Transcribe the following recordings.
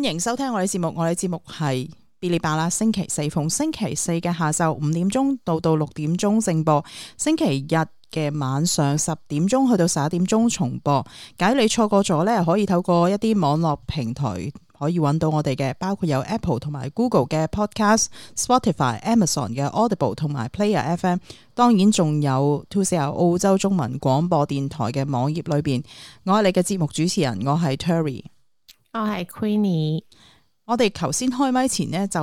歡迎收聽我哋節目，我哋節目係 Bilibala。星期四逢星期四嘅下晝五點鐘到到六點鐘正播，星期日嘅晚上十點鐘去到十一點鐘重播。假如你錯過咗呢，可以透過一啲網絡平台可以搵到我哋嘅，包括有 Apple 同埋 Google 嘅 Podcast、Spotify、Amazon 嘅 Audible 同埋 Player FM，當然仲有 To Sell 澳洲中文廣播電台嘅網頁裏邊。我係你嘅節目主持人，我係 Terry。我係 Queenie，我哋頭先開麥前咧就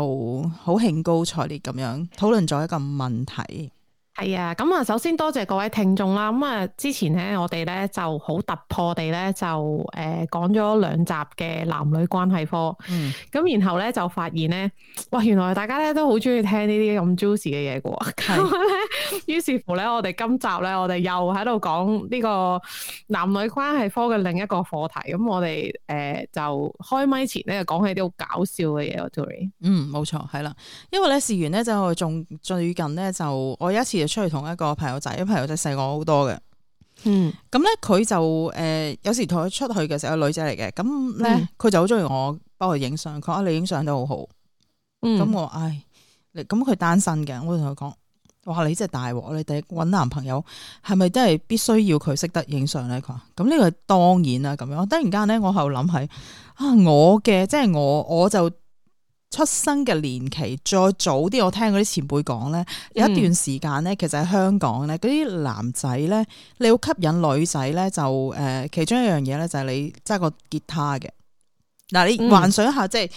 好興高采烈咁樣討論咗一個問題。係啊，咁啊，首先多謝各位聽眾啦。咁啊，之前咧，我哋咧就好突破地咧，就誒講咗兩集嘅男女關係科。嗯。咁然後咧就發現咧，哇，原來大家咧都好中意聽呢啲咁 juicy 嘅嘢嘅喎。係。咁咧，於是乎咧，我哋今集咧，我哋又喺度講呢個男女關係科嘅另一個課題。咁我哋誒就開咪前咧，講起啲好搞笑嘅嘢。嗯，冇錯，係啦。因為咧，事緣咧就仲最近咧就我有一次。出去同一個朋友仔，因為朋友仔細我好多嘅。嗯，咁咧佢就誒、呃，有時同佢出去嘅時候，有女仔嚟嘅，咁咧佢就好中意、嗯、我、幫佢影相，佢啊，你影相都好好。咁我話，唉，咁佢單身嘅，我同佢講，哇你真係大鑊，你第一搵男朋友係咪真係必須要佢識得影相咧？佢話咁呢個當然啦，咁樣，突然間咧，我喺度諗，係啊，我嘅即係我我就。出生嘅年期再早啲，我聽嗰啲前輩講咧，有一段時間咧，嗯、其實喺香港咧，嗰啲男仔咧，你要吸引女仔咧，就誒、呃、其中一樣嘢咧，就係你揸個吉他嘅。嗱，你幻想一下，嗯、即係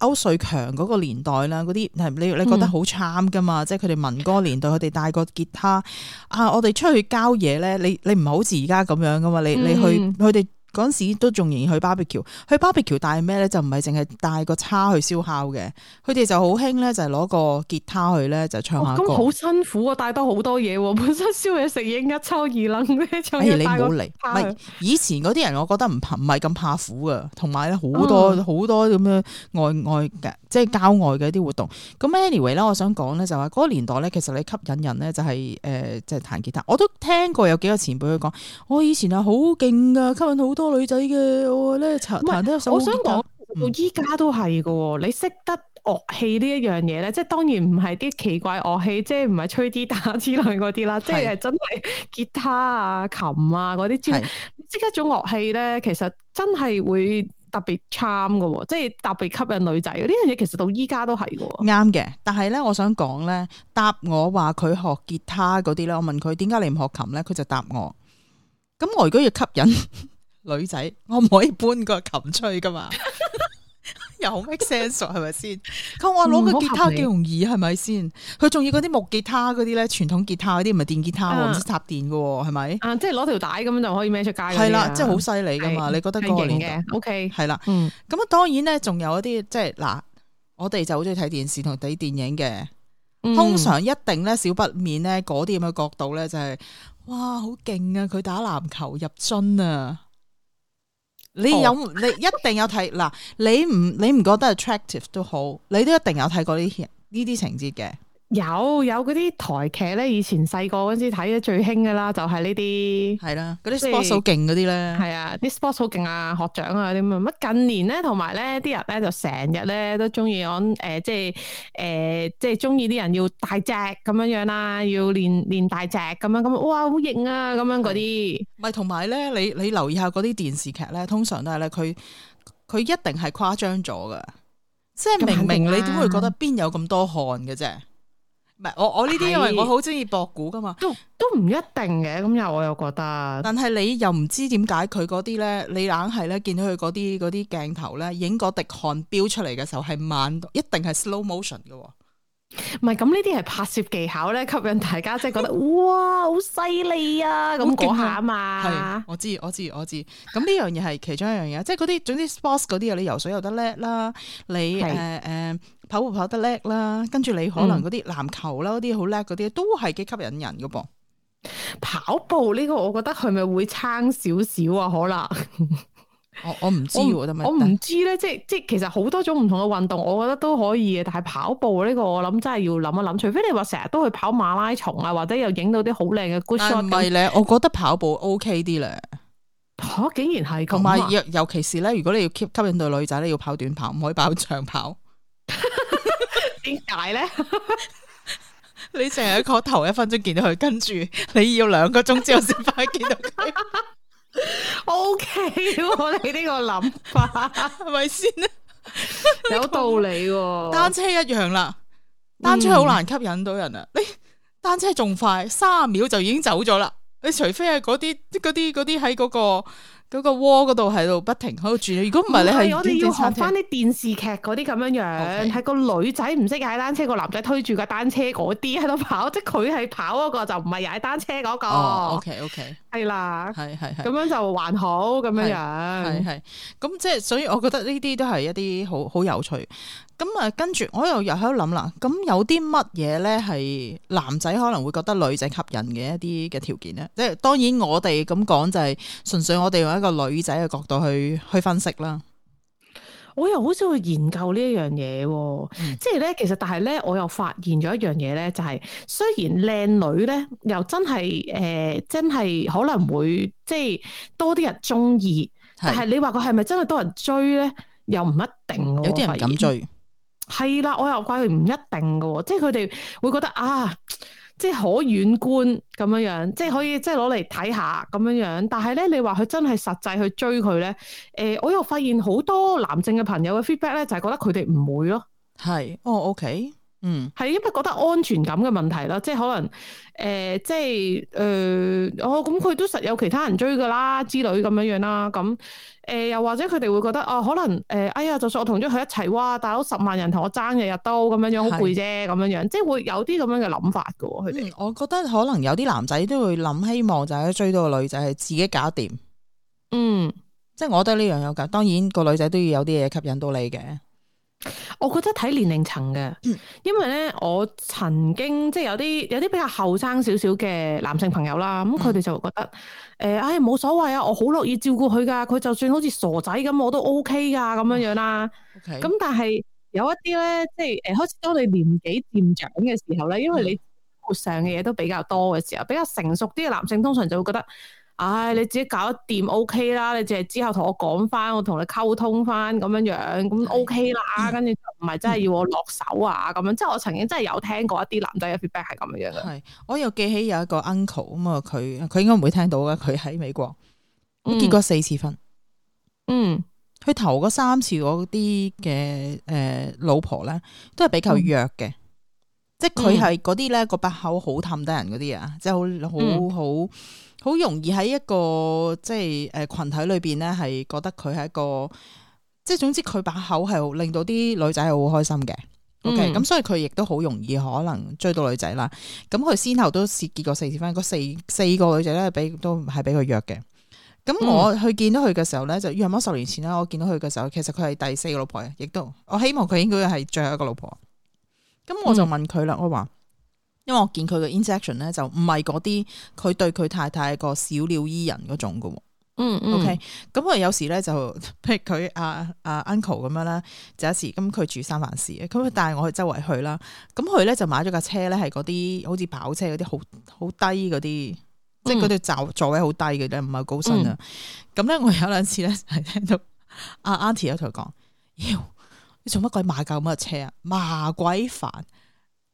歐瑞強嗰個年代啦，嗰啲係你你覺得好慘噶嘛？嗯、即係佢哋民歌年代，佢哋帶個吉他啊，我哋出去交嘢，咧，你你唔好似而家咁樣噶嘛，你你，你去佢哋。嗯嗰陣時都仲仍然去 BBQ，去 BBQ 帶咩咧？就唔係淨係帶個叉去燒烤嘅，佢哋就好興咧，就攞個吉他去咧，就唱下歌。好、哦、辛苦啊，帶多好多嘢喎！本身燒嘢食已經一抽二楞咧，仲要帶個咪、哎去。以前嗰啲人，我覺得唔唔係咁怕苦噶，同埋咧好多好、嗯、多咁樣愛愛嘅。即係郊外嘅一啲活動。咁 anyway 咧，我想講咧就係、是、嗰個年代咧，其實你吸引人咧就係、是、誒，即、呃、係、就是、彈吉他。我都聽過有幾個前輩佢講，我、哦、以前係好勁噶，吸引好多女仔嘅。我咧彈彈得一手好吉他。我想講到依家都係㗎喎。你識得樂器呢一樣嘢咧，即係當然唔係啲奇怪樂器，即係唔係吹啲打之類嗰啲啦。是即係真係吉他啊、琴啊嗰啲，是即係即係一種樂器咧。其實真係會。特別 charm 嘅，即係特別吸引女仔。呢樣嘢其實到依家都係嘅。啱嘅，但係咧，我想講咧，答我話佢學吉他嗰啲咧，我問佢點解你唔學琴咧，佢就答我。咁我如果要吸引女仔，我唔可以搬個琴吹噶嘛。 又好 make sense 係咪先？佢話攞個吉他幾容易係咪先？佢仲、嗯、要嗰啲木吉他嗰啲咧，傳統吉他嗰啲唔係電吉他，唔知插電嘅係咪？是是啊，即係攞條帶咁樣就可以孭出街。係啦，即係好犀利噶嘛？是你覺得勁型嘅？O K 係啦。嗯，咁啊、嗯，當然咧，仲有一啲即係嗱，我哋就好中意睇電視同睇電影嘅。通常一定咧，少不免咧嗰啲咁嘅角度咧、就是，就係哇，好勁啊！佢打籃球入樽啊！你有、oh. 你一定有睇嗱，你唔你唔覺得 attractive 都好，你都一定有睇過呢啲呢啲情節嘅。有有嗰啲台劇咧，以前細個嗰陣時睇得最興噶啦，就係呢啲係啦，嗰啲 sports 好勁嗰啲咧係啊，啲 sports 好勁啊，學長啊啲乜乜近年咧，同埋咧啲人咧就成日咧都中意講誒，即係誒、呃，即係中意啲人要大隻咁樣樣、啊、啦，要練練大隻咁樣咁、啊、哇，好型啊咁樣嗰啲咪同埋咧，你你留意下嗰啲電視劇咧，通常都係咧佢佢一定係誇張咗噶，即係明明你點會覺得邊有咁多汗嘅啫？我我呢啲，因為我好中意博古噶嘛，都都唔一定嘅。咁又我又覺得，但係你又唔知點解佢嗰啲咧，你硬係咧見到佢嗰啲嗰啲鏡頭咧，影個滴汗飆出嚟嘅時候係慢，一定係 slow motion 嘅。唔係咁，呢啲係拍攝技巧咧，吸引大家即係覺得哇好犀利啊，咁講別說 下啊嘛。係啊，我知我知我知。咁呢樣嘢係其中一樣嘢，即係嗰啲總之 sports 嗰啲啊，你游水又得叻啦，你誒誒。是跑步跑得叻啦，跟住你可能嗰啲籃球啦，嗰啲好叻嗰啲都係幾吸引人噶噃。跑步呢個我覺得係咪會差少少啊？可 能我我唔知喎，我唔知咧、啊我麼。即係即係，其實好多種唔同嘅運動，我覺得都可以嘅。但係跑步呢個我諗真係要諗一諗，除非你話成日都去跑馬拉松啊，或者又影到啲好靚嘅 good shot 唔係咧，那我覺得跑步 OK 啲咧、哦。竟然係同埋，尤其是咧，如果你要 keep 吸引到女仔咧，你要跑短跑，唔可以跑長跑。 點解咧？ 麼呢 你成日喺個頭一分鐘見到佢，跟住你要兩個鐘之後先返去見到佢。 o、okay、K，、哦、你個 是是呢個諗法係咪先咧？有道理。單車一樣啦，單車好難吸引到人啊！你、嗯哎、單車仲快，三秒就已經走咗啦。你除非係嗰啲，啲，啲喺嗰個。嗰個窩嗰度喺度不停喺度轉，如果唔係你係我哋要學翻啲電視劇嗰啲咁樣樣，係 Okay。個女仔唔識踩單車，個男仔推住架單車嗰啲喺度跑，即係佢係跑嗰個就唔係踩單車嗰個。O K O K，係啦，係係係，咁樣就還好咁樣樣，係係，咁即係，所以我覺得呢啲都係一啲好好有趣。咁啊，跟住我又入喺度諗啦。咁有啲乜嘢咧，係男仔可能會覺得女仔吸引嘅一啲嘅條件咧？即係當然我哋咁講就係純粹我哋用一個女仔嘅角度去去分析啦。我又好少去研究，哦嗯，呢一樣嘢，即係咧，其實但係咧，我又發現咗一樣嘢咧，就係雖然靚女咧，又真係誒、呃，真係可能會即係多啲人中意，是但係你話佢係咪真係多人追咧？又唔一定，有啲人敢追。係啦，我又怪佢唔一定㗎喎，即係佢哋會覺得啊，即係可遠觀咁樣樣，即係可以即係攞嚟睇下咁樣樣。但係咧，你話佢真係實際去追佢咧，誒、呃，我又發現好多男性嘅朋友嘅 feedback 咧，就係覺得佢哋唔會咯。係，哦，OK。嗯，係因為覺得安全感嘅問題啦，即係可能誒、呃，即係誒、呃，哦，咁佢都實有其他人追噶啦，之類咁樣樣啦，咁誒、呃、又或者佢哋會覺得啊、哦，可能誒、呃，哎呀，就算我同咗佢一齊，哇，大佬十萬人同我爭日日都咁樣樣，好攰啫，咁樣樣，即係會有啲咁樣嘅諗法噶。佢哋，嗯，我覺得可能有啲男仔都會諗，希望就係追到個女仔係自己搞掂。嗯，即係我覺得呢樣有噶，當然個女仔都要有啲嘢吸引到你嘅。我覺得睇年齡層嘅，因為咧，我曾經即係有啲有啲比較後生少少嘅男性朋友啦，咁佢哋就會覺得誒、嗯欸，哎冇所謂啊，我好樂意照顧佢噶，佢就算好似傻仔咁我都 OK 噶咁樣樣啦。咁 Okay.、嗯、但係有一啲咧，即係誒、呃，開始當你年紀漸長嘅時候咧，因為你生活上嘅嘢都比較多嘅時候，比較成熟啲嘅男性通常就會覺得。唉、哎，你自己搞得掂 O K 啦，你淨係之後同我講翻，我同你溝通翻咁樣樣，咁 O K 啦，跟住、嗯、就唔係真係要我落手啊咁樣，即係我曾經真係有聽過一啲男仔嘅 feedback 係咁樣樣嘅。係，我又記起有一個 uncle 啊嘛，佢佢應該唔會聽到嘅，佢喺美國，結過四次婚。嗯，嗯，佢頭嗰三次嗰啲嘅誒老婆咧，都係比較弱嘅。嗯即係佢係嗰啲咧，個把口好氹得人嗰啲啊，即係好好好好容易喺一個即係誒群體裏邊咧，係覺得佢係一個即係總之佢把口係令到啲女仔係好開心嘅。OK，咁所以佢亦都好容易可能追到女仔啦。咁佢先後都試結過四次婚，個四四個女仔咧，俾都係俾佢約嘅。咁我去見到佢嘅時候咧，就約咗十年前啦。我見到佢嘅時候，其實佢係第四個老婆，亦都我希望佢應該係最後一個老婆。咁我就問佢啦，嗯、我話，因為我見佢嘅 interaction 咧，就唔係嗰啲佢對佢太太個小鳥依人嗰種嘅喎、嗯。嗯，OK。咁佢有時咧就譬如佢阿阿 uncle 咁樣啦，就有時咁佢住三藩市，咁佢帶我周圍去周圍去啦。咁佢咧就買咗架車咧，係嗰啲好似跑車嗰啲，好好低嗰啲，嗯、即係嗰對座座位好低嘅啫，唔係高身、嗯嗯、啊。咁咧我有兩次咧係聽到阿 auntie 同佢講。啊啊你做乜鬼買架乜嘅車啊？麻鬼煩，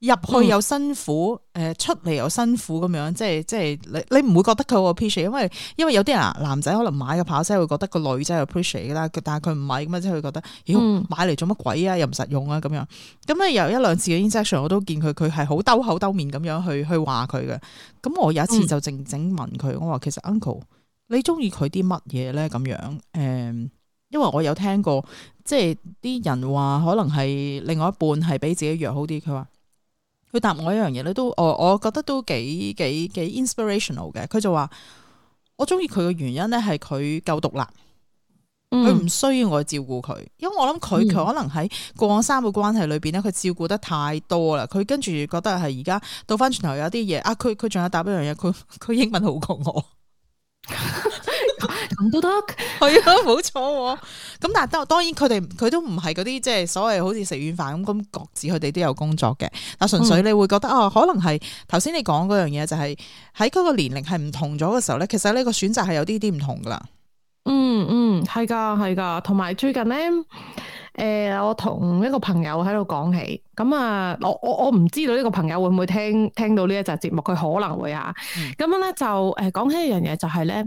入去又辛苦，誒、嗯、出嚟又辛苦咁樣，即係即係你你唔會覺得佢好 appreciate？因為因為有啲人男仔可能買個跑車會覺得個女仔係 appreciate 噶啦，但係佢唔係咁啊，即係佢覺得，妖、嗯、買嚟做乜鬼啊？又唔實用啊咁樣。咁咧有一兩次嘅 interaction，我都見佢佢係好兜口兜面咁樣去去話佢嘅。咁我有一次就靜靜問佢，嗯、我話其實 uncle 你中意佢啲乜嘢咧？咁樣誒。嗯因為我有聽過，即係啲人話可能係另外一半係比自己弱好啲。佢話，佢答我一樣嘢咧，都我我覺得都幾幾幾 inspirational 嘅。佢就話，我中意佢嘅原因咧，係佢夠獨立，佢唔需要我照顧佢。嗯、因為我諗佢佢可能喺過往三個關係裏邊咧，佢照顧得太多啦。佢跟住覺得係而家倒翻轉頭有啲嘢啊，佢佢仲有答一樣嘢，佢佢英文好過我。 咁都得，係啊，冇錯。咁但係當當然佢哋佢都唔係嗰啲即係所謂好似食軟飯咁，咁各自佢哋都有工作嘅。但係純粹你會覺得啊，可能係頭先你講嗰樣嘢就係喺嗰個年齡係唔同咗嘅時候咧，其實呢個選擇係有啲啲唔同噶啦。嗯嗯，係噶係噶，同埋最近咧，誒、呃，我同一個朋友喺度講起，咁、嗯、啊，我我我唔知道呢個朋友會唔會聽聽到呢一集節目，佢可能會啊。咁樣咧就誒，講起一樣嘢就係咧。呃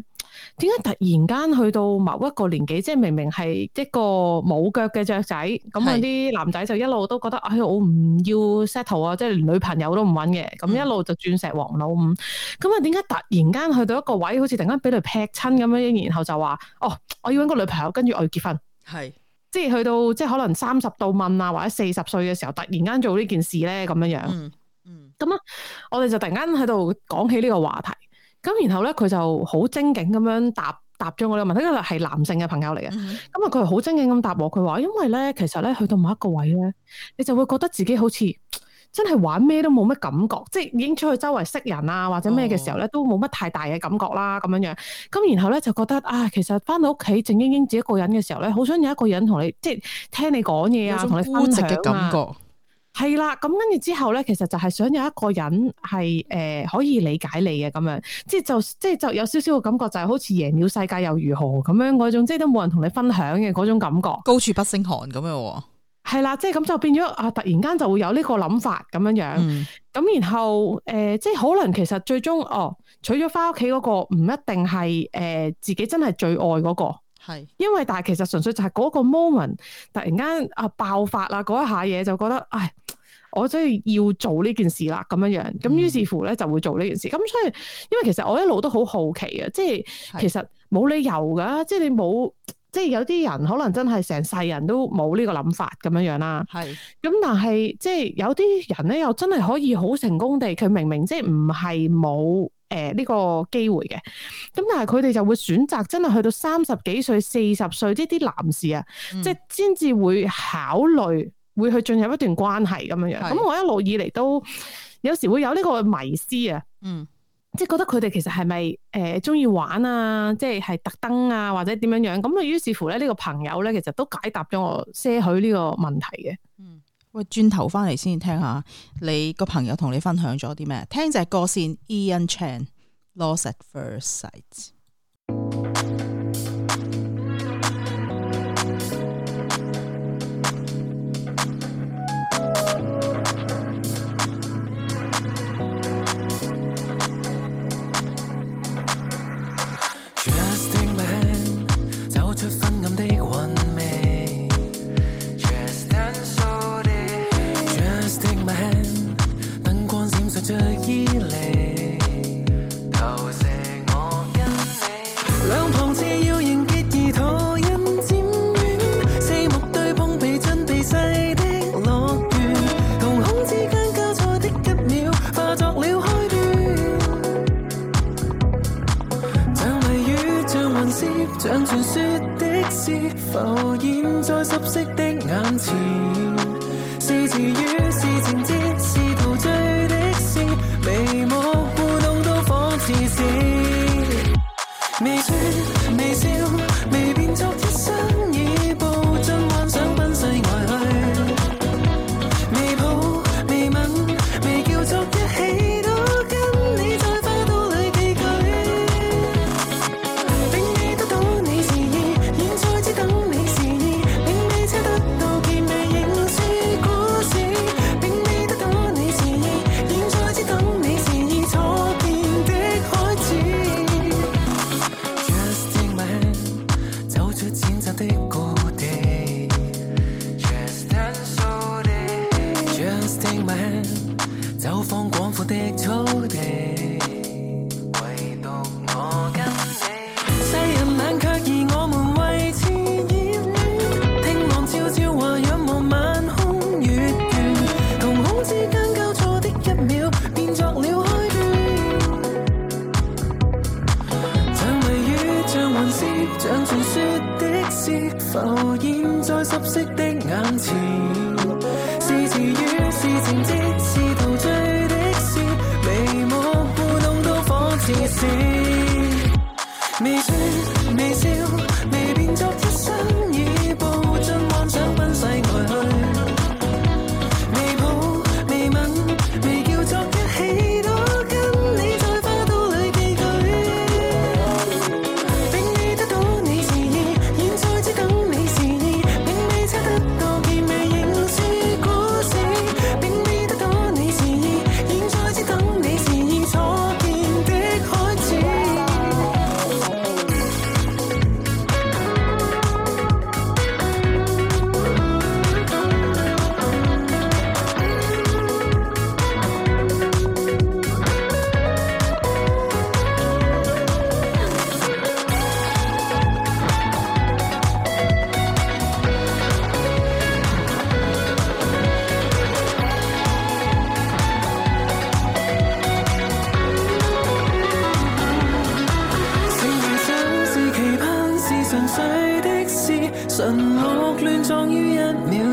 點解突然間去到某一個年紀，即係明明係一個冇腳嘅雀仔，咁啊啲男仔就一路都覺得，哎，我唔要 settle 啊，即係連女朋友都唔揾嘅，咁一路就鑽石王老五。咁啊、嗯，點解突然間去到一個位，好似突然間俾佢劈親咁樣，然後就話，哦，我要搵個女朋友，跟住我要結婚，係是，即係去到即係可能三十度問啊，或者四十歲嘅時候，突然間做呢件事咧，咁樣樣、嗯，嗯，咁啊，我哋就突然間喺度講起呢個話題。咁然後咧，佢就好精警咁樣答答咗我呢個問題，因為係男性嘅朋友嚟嘅。咁啊、嗯哼，佢好精警咁答我，佢話：因為咧，其實咧，去到某一個位咧，你就會覺得自己好似真係玩咩都冇乜感覺，即係已經出去周圍識人啊，或者咩嘅時候咧，都冇乜太大嘅感覺啦，咁樣樣。咁然後咧，就覺得啊，其實返到屋企靜英英自己一個人嘅時候咧，好想有一個人同你即係聽你講嘢啊，同你嘅感覺啊。係啦，咁跟住之後咧，其實就係想有一個人係誒、呃、可以理解你嘅咁樣，即係就即係就，就有少少嘅感覺，就係好似贏咗世界又如何咁樣嗰種，即係都冇人同你分享嘅嗰種感覺。高處不勝寒咁樣，哦，係啦，即係咁就變咗啊，突然間就會有呢個諗法咁樣樣，咁、嗯、然後誒、呃，即係可能其實最終哦，娶咗返屋企嗰個唔一定係誒、呃、自己真係最愛嗰、嗰個。係，因為但係其實純粹就係嗰個 moment 突然間啊爆發啦嗰一下嘢，就覺得，唉，我真係要做呢件事啦，咁樣樣，咁於是乎咧就會做呢件事。咁、嗯嗯、所以，因為其實我一路都好好奇呀，即係其實冇理由噶，即係你冇，即係有啲人可能真係成世人都冇呢個諗法咁樣樣啦。係，咁但係即係有啲人咧又真係可以好成功地，佢明明即係唔係冇。誒，呢、呃呢個機會嘅，咁但係佢哋就會選擇真係去到三十幾歲、四十歲呢啲男士啊，嗯、即係先至會考慮，會去進入一段關係咁樣樣。咁是我一路以嚟都有時會有呢個迷思啊，嗯，即係覺得佢哋其實係咪誒中意玩啊，即係係特登啊，或者點樣樣？咁啊，於是乎咧，呢、呢個朋友咧，其實都解答咗我些許呢個問題嘅，嗯。喂，轉頭翻嚟先聽下，你個朋友同你分享咗啲咩？聽隻歌先，Ian Chan Lost At First Sight。浮現在濕澀的眼前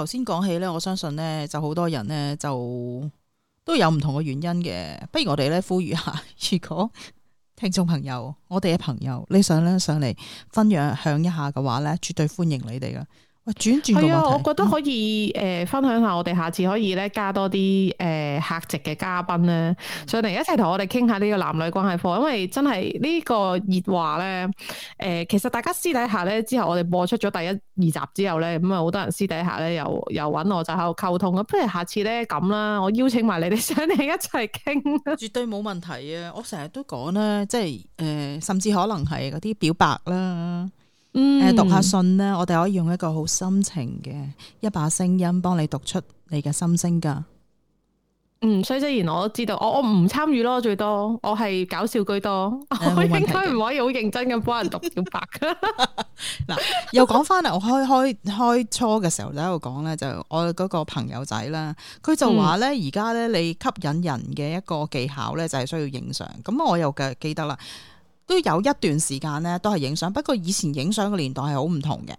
頭先講起咧，我相信咧就好多人咧就都有唔同嘅原因嘅。不如我哋咧呼籲下，如果聽眾朋友、我哋嘅朋友，你想咧上嚟分享享一下嘅話咧，絕對歡迎你哋㗎。轉轉係啊！我覺得可以誒、呃，分享下我哋下次可以咧加多啲誒、呃、客席嘅嘉賓咧，上嚟一齊同我哋傾下呢個男女關係科，因為真係呢個熱話咧誒，其實大家私底下咧之後我哋播出咗第一二集之後咧，咁啊好多人私底下咧又又揾我就喺度溝通啊，不如下次咧咁啦，我邀請埋你哋上嚟一齊傾，絕對冇問題啊！我成日都講啦，即係誒、呃，甚至可能係嗰啲表白啦。誒，嗯、讀下信咧，我哋可以用一個好深情嘅一把聲音幫你讀出你嘅心聲噶。嗯，所以雖然我知道，我我唔參與咯，最多我係搞笑居多，嗯、我應該唔可以好認真咁幫人讀表白噶。嗱 又講翻嚟，我開開開初嘅時候就喺度講咧，就是、我嗰個朋友仔啦，佢就話咧，而家咧你吸引人嘅一個技巧，咧就係需要影相，咁我又記記得啦。都有一段時間咧，都係影相。不過以前影相嘅年代係好唔同嘅。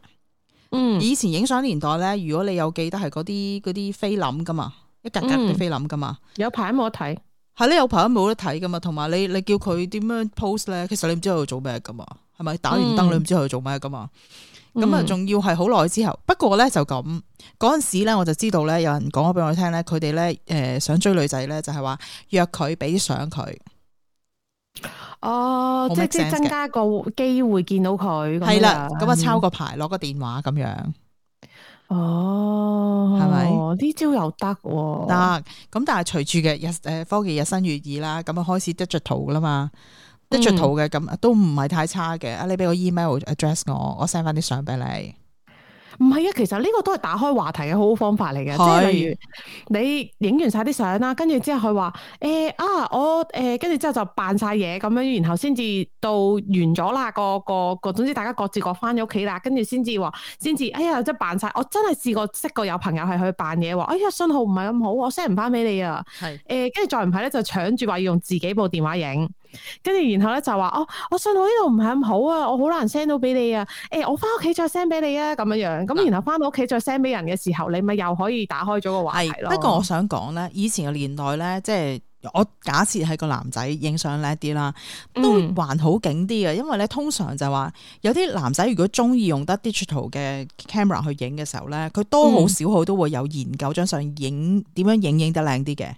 嗯，以前影相年代咧，如果你有記得係嗰啲嗰啲菲林噶嘛，一格格嘅菲林噶嘛。嗯、有排冇得睇，係咧有排冇得睇噶嘛。同埋你你叫佢點樣 post 咧，其實你唔知佢做咩噶嘛。係咪打完燈、嗯、你唔知佢做咩噶嘛？咁啊、嗯，仲要係好耐之後。不過咧就咁嗰陣時咧，我就知道咧，有人講咗俾我聽咧，佢哋咧誒想追女仔咧，就係話約佢俾相佢。哦，oh，即係即係增加個機會見到佢，係啦，咁啊抄個牌，攞個電話咁樣。哦、oh，吧，係咪呢招又得？得咁，但係隨住嘅日誒，科技日新月異啦，咁啊開始 digital 啦嘛，digital 嘅咁都唔係太差嘅。啊、嗯，你俾個 email address 我，我 send 翻啲相俾你。唔係啊，其實呢個都係打開話題嘅好好方法嚟嘅，即係是例如你影完晒啲相啦，跟住之後佢話，誒啊我誒，跟住之後就扮晒嘢咁樣，然後先至到完咗啦，個個個總之大家各自各翻咗屋企啦，跟住先至話，先至哎呀，即係扮晒。我真係試過識過有朋友係去扮嘢，話哎呀信號唔係咁好，我 send 唔翻俾你啊，誒是，跟住再唔係咧就搶住話要用自己部電話影。跟住然後咧就話哦，我信號呢度唔係咁好啊，我好難 send 到俾你啊。誒，我翻屋企再 send 俾你啊，咁樣樣。咁然後翻到屋企再 send 俾人嘅時候，你咪又可以打開咗個話題咯。不過我想講咧，以前嘅年代咧，即係我假設係個男仔影相靚啲啦，都會還好景啲啊，因為咧通常就話有啲男仔如果中意用得 digital 嘅 camera 去影嘅時候咧，佢多好少好都會有研究張相影點樣影影得靚啲嘅。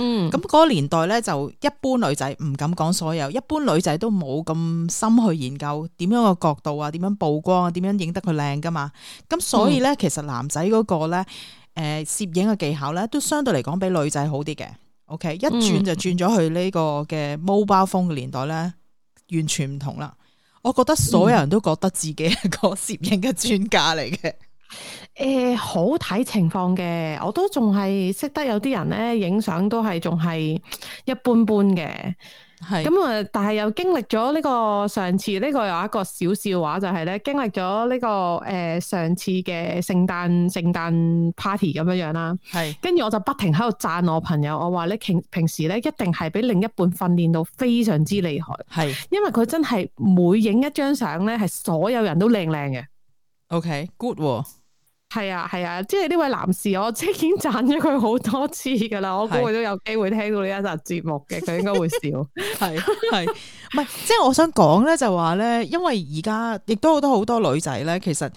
嗯，咁嗰個年代咧就一般女仔唔敢講所有，一般女仔都冇咁深去研究點樣個角度啊，點樣曝光啊，點樣影得佢靚噶嘛。咁所以咧，嗯、其實男仔嗰、嗰個咧，誒，攝影嘅技巧咧，都相對嚟講比女仔好啲嘅。OK，一轉就轉咗去呢個嘅 mobile phone 嘅年代咧，完全唔同啦。我覺得所有人都覺得自己係個攝影嘅專家嚟嘅。嗯 誒、欸，好睇情況嘅，我都仲係識得有啲人咧，影相都係仲係一般般嘅。係咁啊，但係又經歷咗呢個上次呢個有一個小笑話就呢，就係咧經歷咗呢個誒、呃、上次嘅聖誕聖誕 party 咁樣樣啦。係是，跟住我就不停喺度讚我朋友，我話你平平時咧一定係俾另一半訓練到非常之厲害。係是，因為佢真係每影一張相咧，係所有人都靚靚嘅。OK，good、okay, uh. 係啊係啊，即係呢位男士，我即已經讚咗佢好多次噶啦，我估佢都有機會聽到呢一集節目嘅，佢是應該會笑。係係， 唔係即係我想講咧，就話咧，因為而家亦都好多好多女仔咧，其實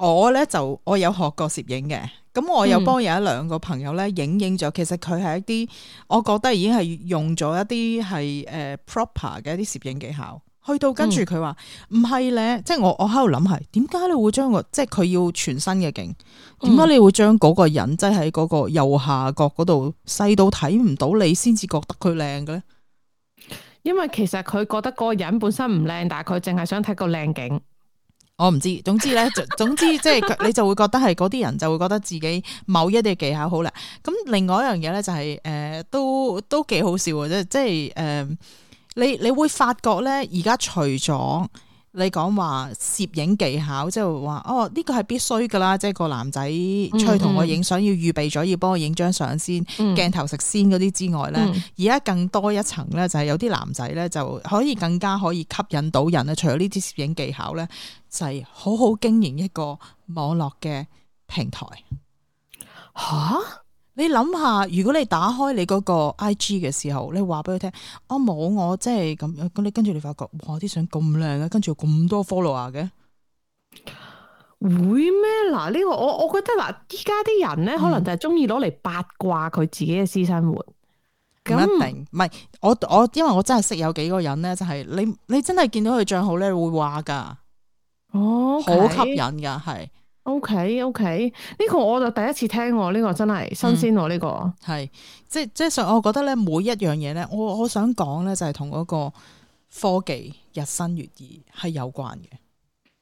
我咧就我有學過攝影嘅，咁我有幫有一兩個朋友咧影影咗，其實佢係一啲，我覺得已經係用咗一啲係誒 proper 嘅一啲攝影技巧。去到跟住佢話唔係咧，即係我我喺度諗係點解你會將個即係佢要全新嘅景，點解、嗯、你會將嗰個人擠喺嗰個右下角嗰度細到睇唔到你先至覺得佢靚嘅咧？因為其實佢覺得嗰個人本身唔靚，但係佢淨係想睇個靚景。嗯、我唔知，總之咧， 總之即、就、係、是、你就會覺得係嗰啲人就會覺得自己某一啲技巧好啦。咁另外一樣嘢咧就係、是、誒、呃，都都幾好笑嘅，即係誒。呃你你會發覺咧，而家除咗你講話攝影技巧，即係話哦呢個係必須噶啦，即係個男仔出去同我影相、嗯、要預備咗要幫我影張相先，鏡頭食先嗰啲之外咧，嗯、而家更多一層咧就係、是、有啲男仔咧就可以更加可以吸引到人啦。除咗呢啲攝影技巧咧，就係、是、好好經營一個網絡嘅平台。吓？你諗下，如果你打開你嗰個 IG 嘅時候，你話俾佢聽，我冇我即係咁樣，咁你跟住你發覺，哇，啲相咁靚啊，跟住咁多 follower 嘅，會咩？嗱，呢個我我覺得嗱，依家啲人咧，可能就係中意攞嚟八卦佢自己嘅私生活，嗯，唔一定。唔係我我，因為我真係識有幾個人咧，就係你你真係見到佢賬號咧，會話噶，哦，好吸引噶，係。O K O K，呢個我就第一次聽喎，呢、這個真係新鮮喎，呢、嗯這個，係，即即上我覺得咧，每一樣嘢咧，我我想講咧，就係同嗰個科技日新月異係有關嘅。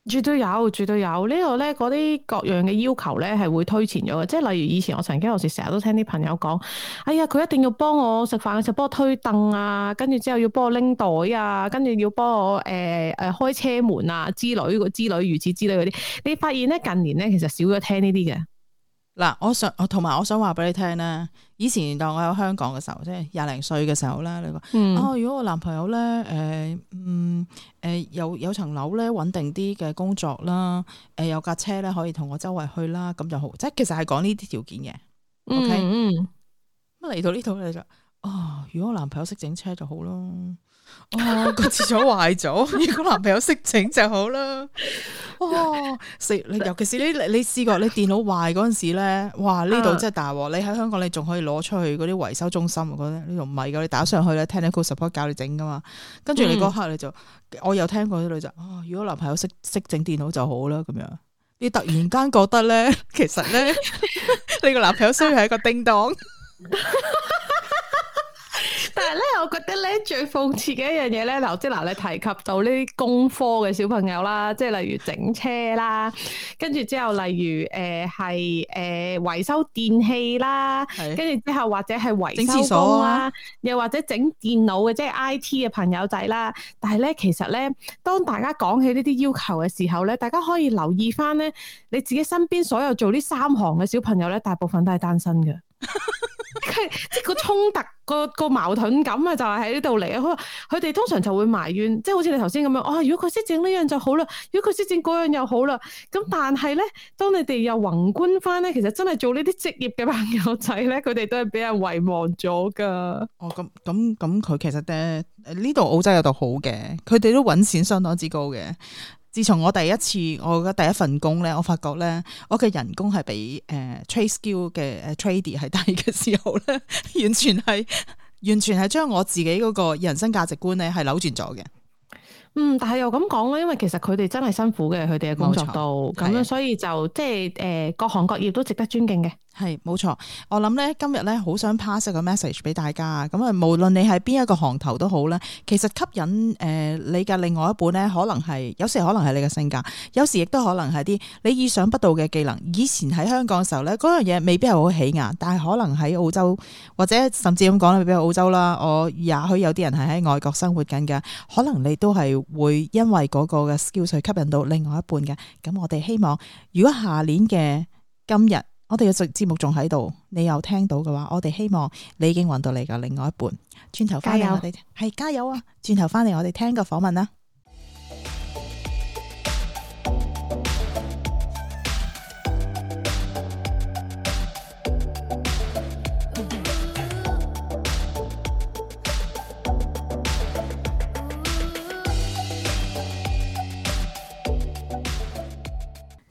絕對有，絕對有，呢個咧嗰啲各樣嘅要求咧，係會推前咗嘅。即係例如以前我曾經有時成日都聽啲朋友講：「哎呀，佢一定要幫我食飯嘅時候幫我推凳啊，跟住之後要幫我拎袋啊，跟住要幫我誒誒、呃、開車門啊之類、之類如此之類嗰啲。你發現咧，近年咧，其實少咗聽呢啲嘅。嗱，我想我同埋我想話俾你聽咧，以前當我喺香港嘅時候，即係廿零歲嘅時候啦，你話、嗯、啊，如果我男朋友咧，誒、呃，嗯，誒、呃、有有層樓咧，穩定啲嘅工作啦，誒、呃、有架車咧，可以同我周圍去啦，咁就好，即係其實係講呢啲條件嘅、嗯、OK，咁嚟到呢度咧就啊，如果我男朋友識整車就好咯。 哦，個廁所壞咗，如果男朋友識整就好啦。哦，食尤其是你，你試過你電腦壞嗰陣時咧，哇！呢度真係大鑊。嗯、你喺香港你仲可以攞出去嗰啲維修中心，我覺得呢度唔係噶。你打上去咧 technical support 教你整噶嘛。跟住你嗰刻、嗯、你就，我又聽過啲女仔哦，如果男朋友識識整電腦就好啦。咁樣，你突然間覺得咧，其實咧， 你個男朋友需要係一個叮當。 但係咧，我覺得咧最諷刺嘅一樣嘢咧，劉即嗱你提及到呢啲工科嘅小朋友啦，即係例如整車啦，跟住之後例如誒係誒維修電器啦，的跟住之後或者係維修工啦，廁所啊、又或者整電腦嘅即係 IT 嘅朋友仔啦。但係咧，其實咧，當大家講起呢啲要求嘅時候咧，大家可以留意返咧，你自己身邊所有做呢三行嘅小朋友咧，大部分都係單身嘅。係 即係個衝突個、嗰個矛盾感啊，就係喺呢度嚟啊。佢佢哋通常就會埋怨，即係好似你頭先咁樣啊、哦。如果佢識整呢樣就好啦，如果佢識整嗰樣又好啦。咁但係咧，當你哋又宏觀翻咧，其實真係做呢啲職業嘅朋友仔咧，佢哋都係俾人遺忘咗噶。哦，咁咁咁，佢其實咧呢度澳洲有度好嘅，佢哋都揾錢相當之高嘅。自從我第一次我嘅第一份工咧，我發覺咧，我、呃、嘅人工係比誒 trade skill 嘅誒 trady 係低嘅時候咧，完全係完全係將我自己嗰個人生價值觀咧係扭轉咗嘅。嗯，但係又咁講啦，因為其實佢哋真係辛苦嘅，佢哋嘅工作度咁冇錯樣，係，所以就即係誒，各行各業都值得尊敬嘅。係，冇錯。我諗咧，今日咧，好想 pass 個 message 俾大家咁啊，無論你係邊一個行頭都好啦，其實吸引誒、呃、你嘅另外一半咧，可能係有時可能係你嘅性格，有時亦都可能係啲你意想不到嘅技能。以前喺香港嘅時候咧，嗰樣嘢未必係好起眼，但係可能喺澳洲或者甚至咁講咧，比如澳洲啦，我也許有啲人係喺外國生活緊嘅，可能你都係。會因為嗰個嘅 skill 才吸引到另外一半嘅，咁我哋希望，如果下年嘅今日，我哋嘅節目仲喺度，你有聽到嘅話，我哋希望你已經揾到你嘅另外一半，轉頭翻嚟我哋聽，加油，係，加油啊！轉頭翻嚟我哋聽個訪問啦。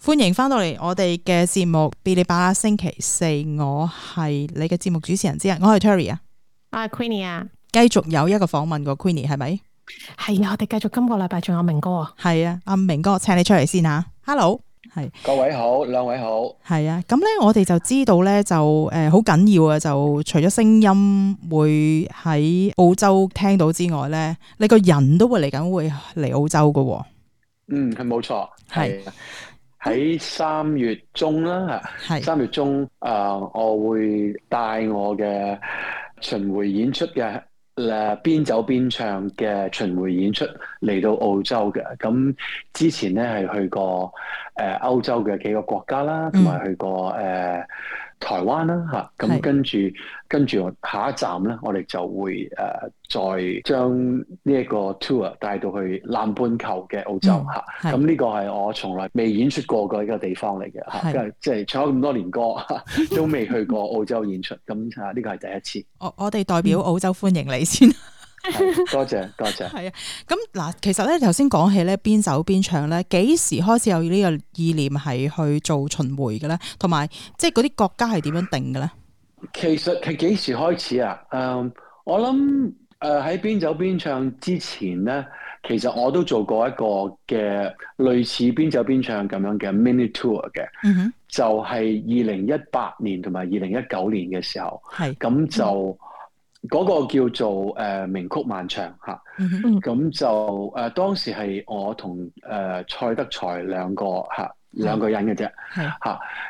歡迎翻到嚟我哋嘅節目 Bilibala 星期四，我係你嘅節目主持人之一，我係 Terry 啊，我係 Queenie 啊，繼續有一個訪問個 Queenie 係咪？係啊，我哋繼續今個禮拜仲有明哥啊，係啊，阿明哥，請你出嚟先吓，Hello，係各位好，兩位好，係啊，咁咧我哋就知道咧就誒好緊要啊，就、呃、就除咗聲音會喺澳洲聽到之外咧，你個人都會嚟緊會嚟澳洲噶，哦，嗯係冇錯係。喺三月中啦，三是月中啊，uh, 我會帶我嘅巡回演出嘅，誒、uh, 邊走邊唱嘅巡回演出嚟到澳洲嘅。咁之前咧係去過誒歐、uh, 洲嘅幾個國家啦，同埋去過誒。Uh, 台灣啦，吓、嗯、咁跟住跟住下一站咧，我哋就會誒、呃、再將呢一個 tour 帶到去南半球嘅澳洲吓，咁呢個係我從來未演出過嘅一個地方嚟嘅吓，即係是唱咗咁多年歌都未去過澳洲演出，咁啊呢個係第一次。我我哋代表澳洲歡迎你先。 多謝，多謝。係啊，咁嗱，其實咧，頭先講起咧，邊走邊唱咧，幾時開始有呢個意念係去做巡回嘅咧？同埋，即係嗰啲國家係點樣定嘅咧？其實係幾時開始啊？誒、嗯，我諗誒喺邊走邊唱之前咧，其實我都做過一個嘅類似邊走邊唱咁樣嘅 mini tour 嘅，嗯、哼，就係二零一八年同埋二零一九年嘅時候，係的，咁就。嗯嗰個叫做誒、呃、明曲晚唱嚇，咁、啊、就誒、呃、當時係我同誒、呃、蔡德才兩個嚇、啊、兩個人嘅啫嚇。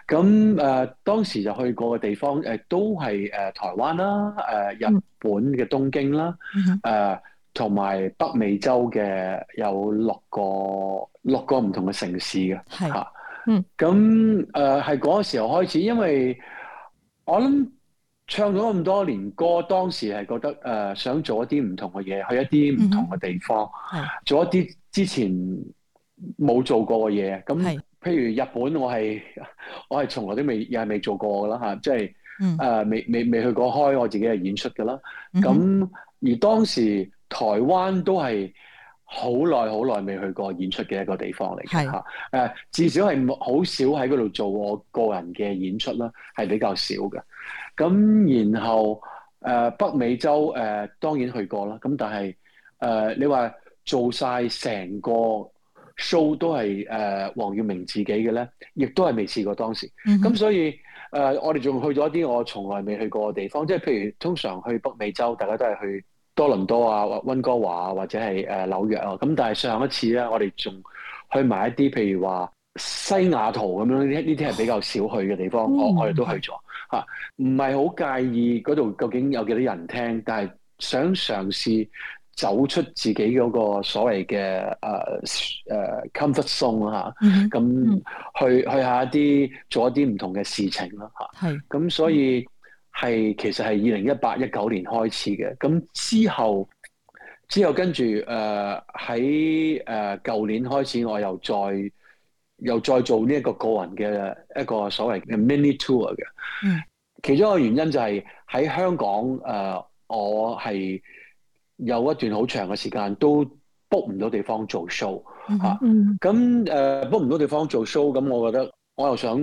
咁、啊、誒、呃、當時就去過嘅地方誒、呃、都係誒台灣啦、誒、啊、日本嘅東京啦、誒同埋北美洲嘅有六個六個唔同嘅城市嘅嚇，咁誒係嗰個時候開始，因為我諗。唱咗咁多年歌，當時係覺得誒、呃、想做一啲唔同嘅嘢，去一啲唔同嘅地方，mm hmm. 做一啲之前冇做過嘅嘢。咁是譬如日本我，我係我係從來都未又係未做過㗎啦吓、啊，即係誒、mm hmm. 呃、未未未去過開我自己嘅演出㗎啦。咁而當時台灣都係好耐好耐未去過演出嘅一個地方嚟嘅吓。誒是、啊、至少係好少喺嗰度做我個人嘅演出啦，係比較少嘅。咁然後誒、呃、北美洲誒、呃、當然去過啦，咁但係誒、呃、你話做晒成個 show 都係誒黃耀明自己嘅咧，亦都係未試過當時。咁、mm hmm. 所以誒、呃、我哋仲去咗啲我從來未去過嘅地方，即、就、係、是、譬如通常去北美洲大家都係去多倫多啊、温哥華啊，或者係誒紐約啊。咁但係上一次咧、啊，我哋仲去埋一啲譬如話。西雅圖咁樣呢？呢啲係比較少去嘅地方，嗯、我我哋都去咗嚇，唔係好介意嗰度究竟有幾多人聽，但係想嘗試走出自己嗰個所謂嘅誒誒 comfort zone 啊咁去去下一啲做一啲唔同嘅事情啦嚇，係、啊、咁係、嗯、所以係其實係二零一八一九年開始嘅，咁之後之後跟住誒喺誒舊年開始我又再。又再做呢一個個人嘅一個所謂嘅 mini tour 嘅，其中一個原因就係喺香港誒、呃，我係有一段好長嘅時間都 book 唔到地方做 show 嚇、mm，咁誒 book 唔到地方做 show，咁我覺得我又想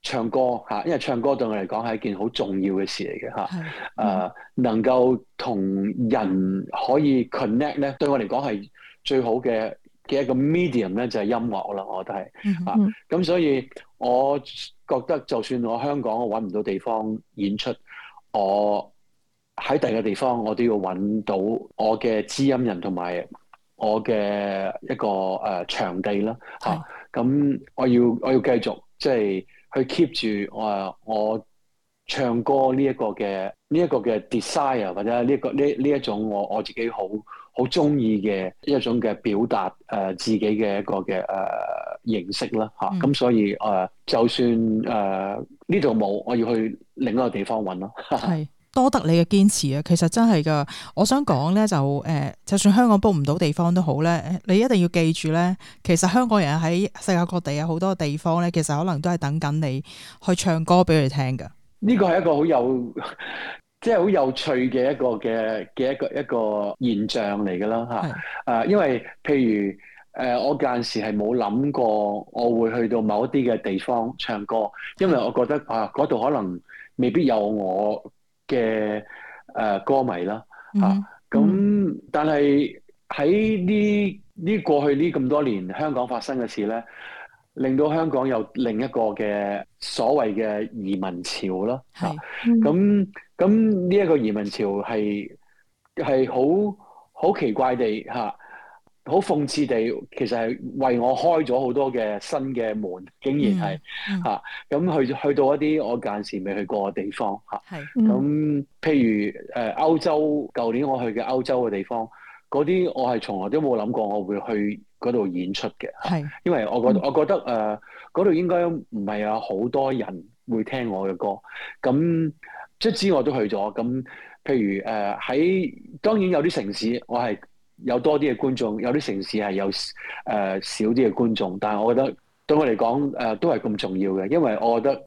唱歌嚇、啊，因為唱歌對我嚟講係一件好重要嘅事嚟嘅嚇，誒、mm hmm. 啊、能夠同人可以 connect 咧，對我嚟講係最好嘅。嘅一個 medium 咧就係、是、音樂啦，我覺得係、mm hmm. 啊，咁所以我覺得就算我香港我揾唔到地方演出，我喺第二個地方我都要揾到我嘅知音人同埋我嘅一個誒場地啦嚇。咁、mm hmm. 啊、我要我要繼續即係、就是、去 keep 住我我唱歌呢一個嘅呢、這個、一個嘅 desire 或者呢個呢呢一種我我自己好。好中意嘅一種嘅表達，誒、呃、自己嘅一個嘅誒、呃、形式啦嚇。咁、啊嗯嗯、所以誒、呃，就算誒呢度冇，我要去另一個地方揾咯。係 多得你嘅堅持啊！其實真係㗎，我想講咧就誒、呃，就算香港揼唔到地方都好咧，你一定要記住咧，其實香港人喺世界各地有好多地方咧，其實可能都係等緊你去唱歌俾佢聽㗎。呢個係一個好有， 即係好有趣嘅一個嘅嘅一個一個現象嚟㗎啦嚇，誒的，因為譬如誒，我間時係冇諗過我會去到某一啲嘅地方唱歌，因為我覺得的啊，嗰度可能未必有我嘅誒歌迷啦嚇。咁的、啊、但係喺呢呢過去呢咁多年香港發生嘅事咧，令到香港有另一個嘅所謂嘅移民潮囉嚇。咁咁呢一個移民潮係係好好奇怪地嚇，好諷刺地，其實係為我開咗好多嘅新嘅門，竟然係嚇。咁、mm hmm. 啊、去去到一啲我間時未去過嘅地方嚇。咁、mm hmm. 啊、譬如誒、呃、歐洲，舊年我去嘅歐洲嘅地方，嗰啲我係從來都冇諗過我會去嗰度演出嘅。係、mm，hmm. 因為我覺得、mm hmm. 我覺得誒嗰度應該唔係有好多人會聽我嘅歌，咁、嗯。卒之我都去咗，咁譬如誒喺、呃、當然有啲城市我係有多啲嘅觀眾，有啲城市係有誒少啲嘅觀眾，但係我覺得對我嚟講誒都係咁重要嘅，因為我覺得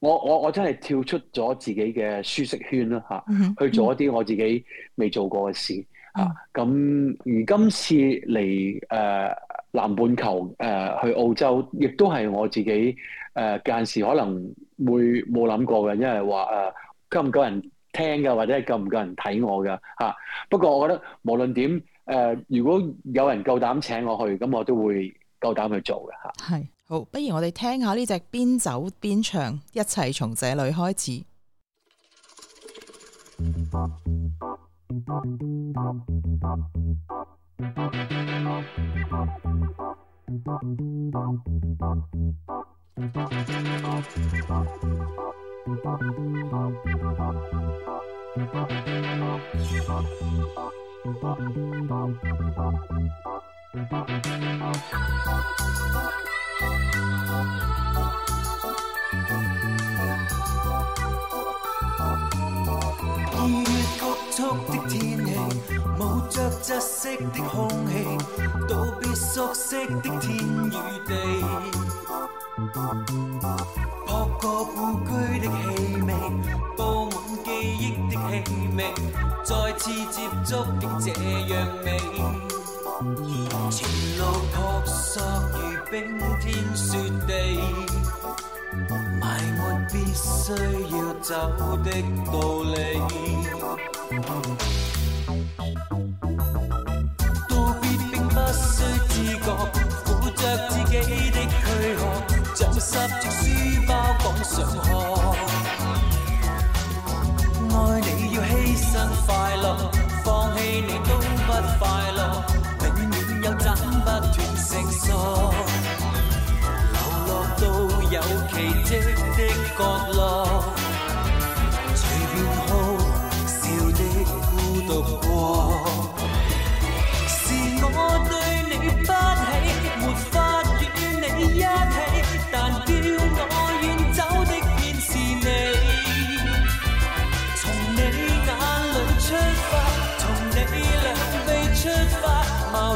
我我我真係跳出咗自己嘅舒適圈啦嚇、啊，去做一啲我自己未做過嘅事、mm hmm. 啊！咁而今次嚟誒、呃、南半球誒、呃、去澳洲，亦都係我自己誒間、呃、時可能會冇諗過嘅，因為話誒。呃夠唔夠人聽嘅，或者係夠唔夠人睇我嘅嚇、啊。不過我覺得無論點誒、呃，如果有人夠膽請我去，咁我都會夠膽去做嘅嚇。係好，不如我哋聽下呢隻邊走邊唱，一切從這裡開始。 二月局促的天氣，冒着窒息的空氣，道別熟悉的天與地。撲過故居的氣味，布滿記憶的氣味，再次接觸竟這樣美。前路撲朔如冰天雪地，埋沒必須要走的道理。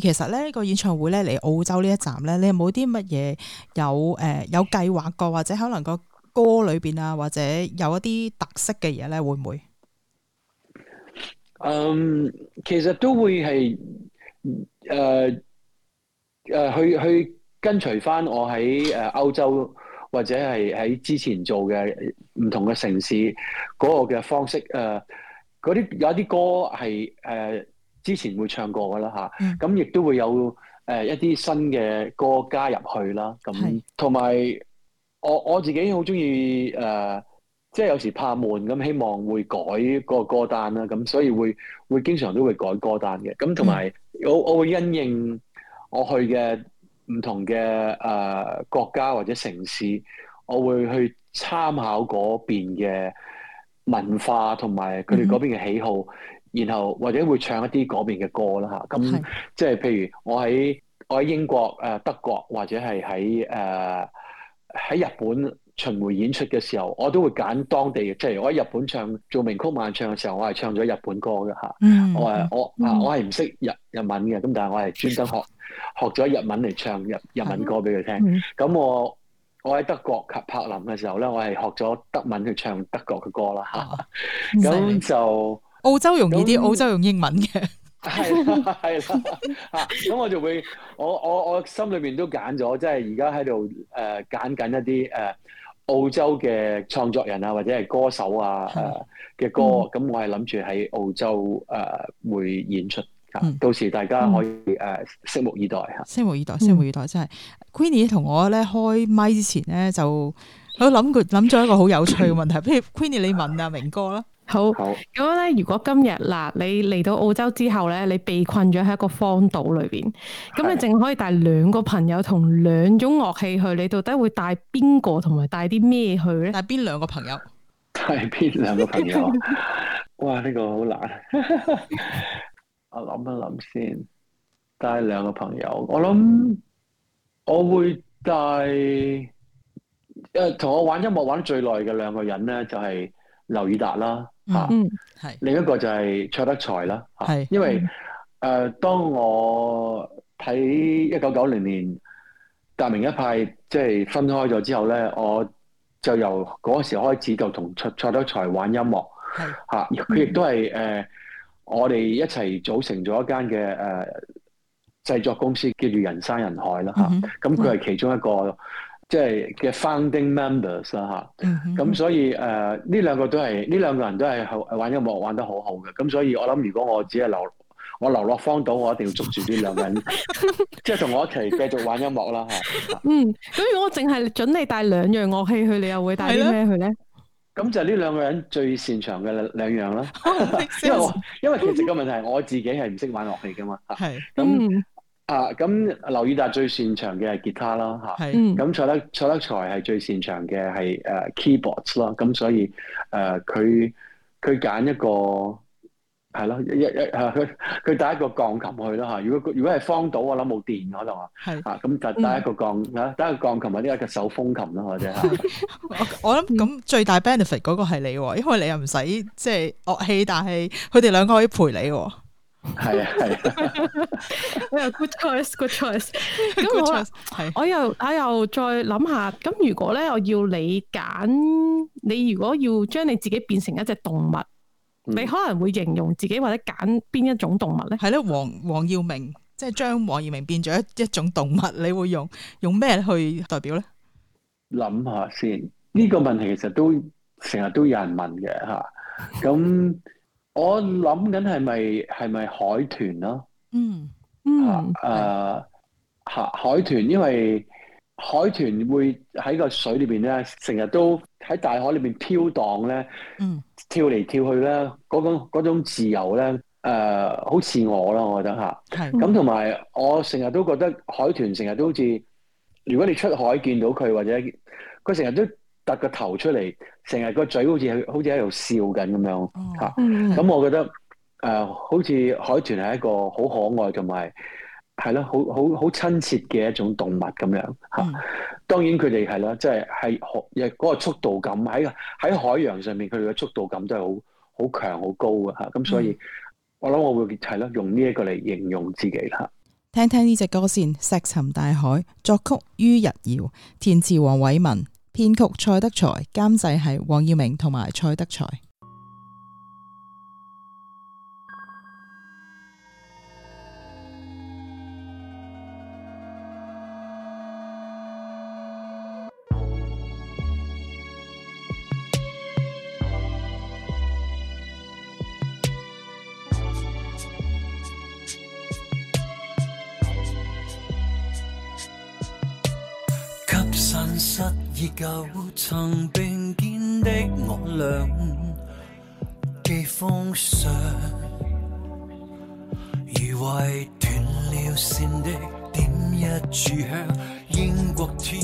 其實咧，個演唱會咧，嚟澳洲呢一站咧，你有冇啲乜嘢有誒有計劃、呃、過，或者可能個歌裏邊啊，或者有一啲特色嘅嘢咧，會唔會？嗯，um, 其實都會係誒誒去去跟隨返我喺誒歐洲或者係喺之前做嘅唔同嘅城市嗰個嘅方式誒，嗰、呃、啲有啲歌係誒。呃之前會唱過噶啦嚇，咁亦都會有誒一啲新嘅歌加入去啦。咁同埋我我自己好中意誒，即係有時怕悶咁，希望會改個歌單啦。咁所以會會經常都會改歌單嘅。咁同埋我我會因應我去嘅唔同嘅誒、呃、國家或者城市，我會去參考嗰邊嘅文化同埋佢哋嗰邊嘅喜好。嗯然後或者會唱一啲嗰邊嘅歌啦吓，咁即係譬如我喺我喺英國誒、呃、德國或者係喺誒喺日本巡迴演出嘅時候，我都會揀當地嘅，即、就、係、是、我喺日本唱做名曲慢唱嘅時候，我係唱咗日本歌嘅吓、嗯，我我啊我係唔識日日文嘅，咁但係我係專登學、嗯嗯、學咗日文嚟唱日日文歌俾佢聽。咁、嗯嗯、我我喺德國柏林嘅時候咧，我係學咗德文去唱德國嘅歌啦吓，咁、嗯啊嗯、就。澳洲容易啲，澳洲用英文嘅，係係啦，咁我就會，我我我心裏邊都揀咗，即係而家喺度誒揀緊一啲誒澳洲嘅創作人啊，或者係歌手啊嘅歌，咁我係諗住喺澳洲誒會演出，到時大家可以誒拭目以待吓，拭目以待，拭目以待，真係。Queenie 同我咧開麥之前咧就，我諗佢諗咗一個好有趣嘅問題，譬如 Queenie，你問阿明哥啦。好，咁樣咧，如果今日嗱你嚟到澳洲之後咧，你被困咗喺一個荒島裏邊，咁是你淨可以帶兩個朋友同兩種樂器去，你到底會帶邊個同埋帶啲咩去咧？帶邊兩個朋友？帶邊兩個朋友？ 哇，呢、這個好難。 我諗一諗先，帶兩個朋友，我諗我會帶，誒、呃，同我玩音樂玩得最耐嘅兩個人咧，就係劉以達啦。吓，係、啊、另一個就係卓德才啦，係、啊，是因為誒的、呃，當我喺一九九零年達明一派即係分開咗之後咧，我就由嗰時開始就同卓卓德才玩音樂，係、啊，吓的，佢亦都係誒，我哋一齊組成咗一間嘅誒製作公司，叫做人山人海啦，吓、啊，咁佢係其中一個。即係嘅 founding members 啦、啊，吓咁、嗯、哼所以誒呢、呃、兩個都係呢兩個人都係玩音樂玩得好好嘅，咁所以我諗如果我只係留我留落荒島，我一定要捉住呢兩個人，即係同我一齊繼續玩音樂啦，吓、啊。嗯，咁如果我淨係准你帶兩樣樂器去，你又會帶啲咩去咧？咁的就呢兩個人最擅長嘅兩樣啦，啊、 因為我因為其實個問題係、嗯、我自己係唔識玩樂器噶嘛，吓、啊。係是。咁、嗯。啊，咁劉宇達最擅長嘅係吉他啦，吓的，咁、嗯嗯、蔡德蔡德才係最擅長嘅係誒 keyboards 咯，咁、啊、所以誒佢佢揀一個係咯，一一誒佢佢帶一個鋼琴去啦吓，如果如果係荒島，我諗冇電嗰度的啊，係、嗯、啊，咁就帶一個鋼啊，帶一個鋼琴或者一個手風琴啦，或者、 啊、我諗咁最大 benefit 嗰個係你，因為你又唔使即係樂器，但係佢哋兩個可以陪你。係啊，係。我又 good choice，good choice。咁我係，我又我又再諗下。咁如果咧，我要你揀，你如果要將你自己變成一隻動物，你可能會形容自己或者揀邊一種動物咧？係咧、嗯，黃黃耀明，即係將黃耀明變咗一一種動物，你會用用咩去代表咧？諗下先，呢、這個問題其實都成日都有人問嘅吓，咁。 我諗緊係咪係咪海豚咯、啊嗯？嗯嗯，誒、啊，吓、啊、海豚，因為海豚會喺個水裏邊咧，成日都喺大海裏邊飄蕩咧，嗯，跳嚟跳去咧，嗰種嗰種自由咧，誒、啊，好似我啦，我覺得吓，係咁同埋，我成日都覺得海豚成日都好似，如果你出海見到佢或者，佢成日都。突個頭出嚟，成日個嘴好似好似喺度笑緊咁樣吓。咁、哦嗯啊、我覺得誒、呃，好似海豚係一個好可愛，同埋係咯，好好好親切嘅一種動物咁樣吓、啊。當然佢哋係咯，即係係學個速度感喺喺海洋上面，佢哋嘅速度感真係好好強好高嘅吓。咁、啊、所以、嗯、我諗我會係咯用呢一個嚟形容自己啦。聽聽呢隻歌先，《石沉大海》，作曲于逸堯，填詞黃偉文。編曲蔡德才，監製係黃耀明同埋蔡德才。已久曾並肩的我倆，寄封信，如為斷了線的點一柱香。英國天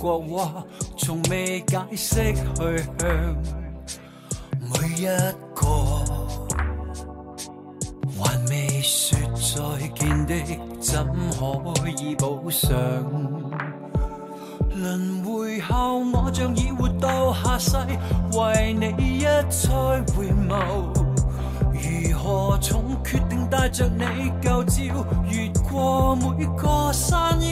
國話，從未解釋去向，每一個還未說再見的，怎可以補上？輪回後，我像已活到下世，為你一再回眸。如何重決定帶着你舊照，越過每個山丘。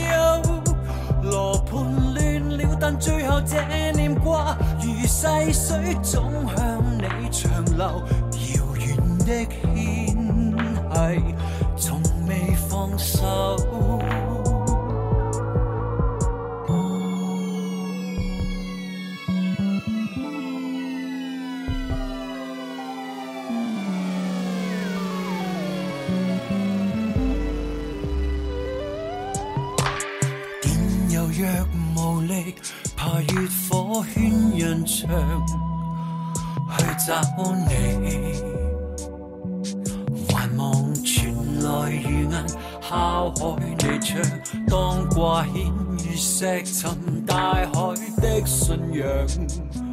羅盤亂了，但最後這念掛，如細水總向你長流。遙遠的牽繫，從未放手。烈火圈人牆去找你，還望傳來魚雁敲開你窗，當掛牽如石沉大海的信仰。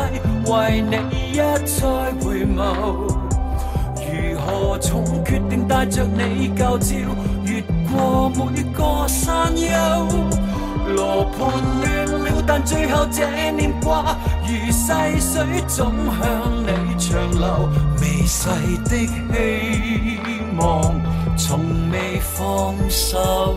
為你一再回眸，如何重決定帶着你舊照，越過每個山丘。羅盤亂了，但最後這念掛，如細水總向你長流，微細的希望，從未放手。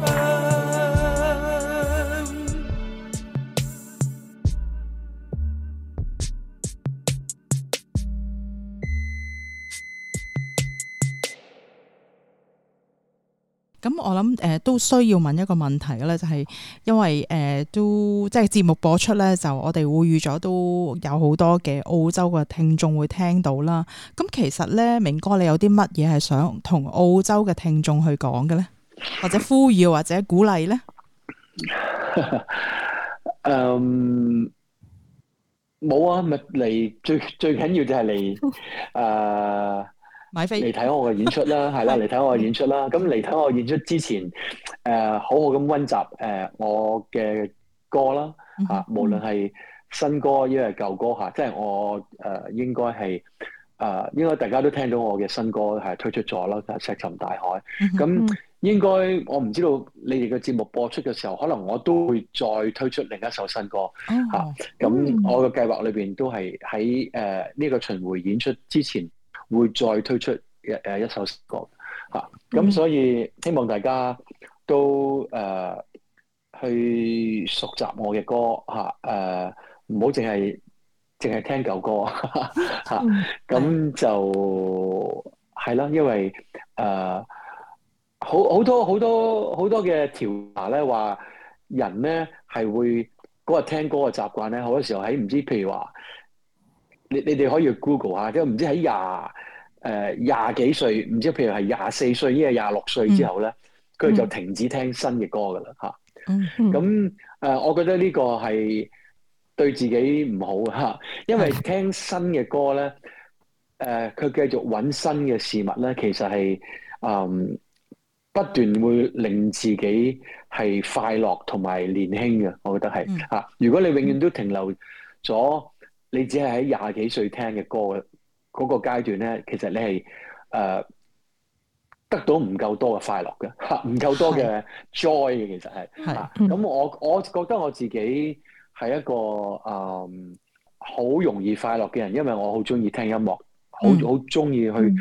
咁誒、嗯呃，都需要問一個問題咧，就係、是、因為誒、呃，都即係節目播出咧，就我哋會預咗都有好多嘅澳洲嘅聽眾會聽到啦。咁、嗯、其實咧，明哥你有啲乜嘢係想同澳洲嘅聽眾去講嘅咧，或者呼籲或者鼓勵咧？誒，冇啊，咪嚟最最緊要就係嚟誒。 uh, 嚟睇我嘅演出啦，係啦， 嚟睇我嘅演出啦。咁嚟睇我演出之前，誒、呃，好好咁溫習誒我嘅歌啦，吓、啊，無論係新歌亦係舊歌吓、啊，即係我誒應該係誒，應該、呃、大家都聽到我嘅新歌係推出咗啦、啊，《石沉大海》。咁應該我唔知道你哋嘅節目播出嘅時候，可能我都會再推出另一首新歌吓。咁、啊、我嘅計劃裏邊都係喺誒呢個巡迴演出之前。會再推出一誒一首歌吓，咁、啊、所以希望大家都誒、呃、去熟習我嘅歌吓誒，唔好淨係淨係聽舊歌吓，咁、啊啊、就係啦，因為誒、啊、好好多好多好多嘅調查咧，話人咧係會嗰個聽歌嘅習慣咧，好多時候喺唔知譬如話。你你哋可以 Google 下，即係唔知喺廿誒廿幾歲，唔知譬如係廿四歲，呢家廿六歲之後咧，佢哋、嗯、就停止聽新嘅歌噶啦，嚇、嗯。咁、嗯、誒、呃，我覺得呢個係對自己唔好嚇，因為聽新嘅歌咧，誒、呃，佢繼續揾新嘅事物咧，其實係嗯不斷會令自己係快樂同埋年輕嘅，我覺得係嚇、呃。如果你永遠都停留咗、嗯，嗯你只係喺廿幾歲聽嘅歌嘅嗰、那個階段咧，其實你係誒、呃、得到唔夠多嘅快樂嘅嚇，唔、啊、夠多嘅 joy 嘅其實係。咁的、啊、我我覺得我自己係一個誒好、嗯、容易快樂嘅人，因為我好中意聽音樂，好好中意去、嗯、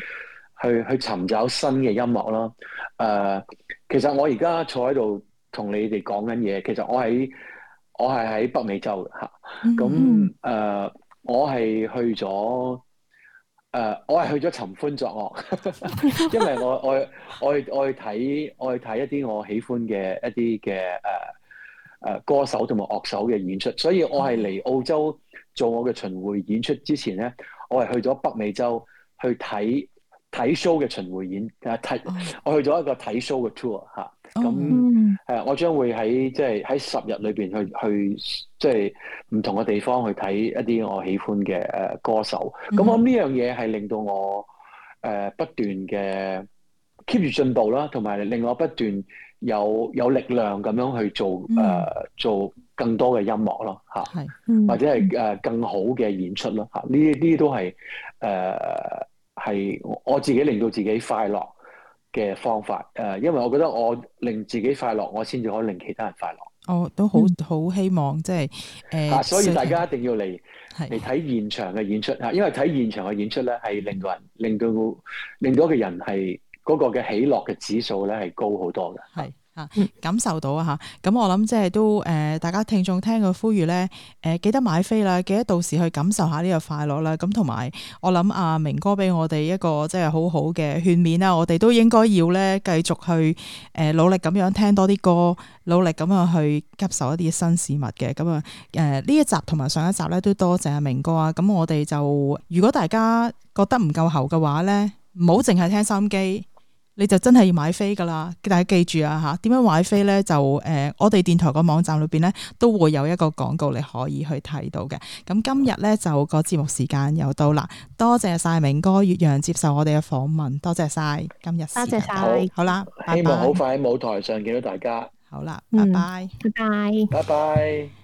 去去，去尋找新嘅音樂啦。誒、啊，其實我而家坐喺度同你哋講緊嘢，其實我喺我係喺北美洲嚇，咁、啊、誒。我係去咗。誒、呃，我係去咗尋歡作樂。 因為我我我我去睇我去睇一啲我喜歡嘅一啲嘅誒誒歌手同埋樂手嘅演出，所以我係嚟澳洲做我嘅巡迴演出之前咧，我係去咗北美洲去睇。睇 show 嘅巡迴演，誒、啊、睇、oh. 我去咗一個睇 show 嘅 tour 嚇、啊，咁誒、oh. mm hmm. 啊、我將會喺即係喺十日裏邊去去即係唔同嘅地方去睇一啲我喜歡嘅誒歌手，咁我呢樣嘢係令到我誒、呃、不斷嘅 keep 住進步啦，同、啊、埋令我不斷有有力量咁樣去做誒、mm hmm. 呃、做更多嘅音樂咯嚇，啊 mm hmm. 或者係誒、呃、更好嘅演出咯嚇，呢、啊、啲都係誒。呃啊係我自己令到自己快樂嘅方法，誒、呃，因為我覺得我令自己快樂，我先至可以令其他人快樂。我、哦、都好好、嗯、希望，即係誒、呃啊，所以大家一定要嚟嚟睇現場嘅演出嚇、啊，因為睇現場嘅演出咧，係令到人、令到令到一、個人係嗰個嘅喜樂嘅指數咧，係高好多嘅。係。感受到啊吓，咁我諗即係都誒，大家聽眾聽佢呼籲咧，誒記得買飛啦，記得到時去感受下呢個快樂啦。咁同埋，我諗阿明哥俾我哋一個即係好好嘅勸勉啦，我哋都應該要咧繼續去誒努力咁樣聽多啲歌，努力咁樣去吸收一啲新事物嘅。咁啊，誒呢一集同埋上一集咧都多謝阿明哥啊。咁我哋就如果大家覺得唔夠喉嘅話咧，唔好淨係聽收音機。你就真係要買飛噶啦，大家記住啊吓，點樣買飛呢就誒、呃，我哋電台個網站裏邊呢，都會有一個廣告，你可以去睇到嘅。咁今日呢，就個節目時間又到啦，多謝晒明哥月陽接受我哋嘅訪問，多謝晒今日。多謝晒，好啦，希望好快喺舞台上見到大家。好啦，拜拜，拜拜，嗯，拜拜。拜拜拜拜。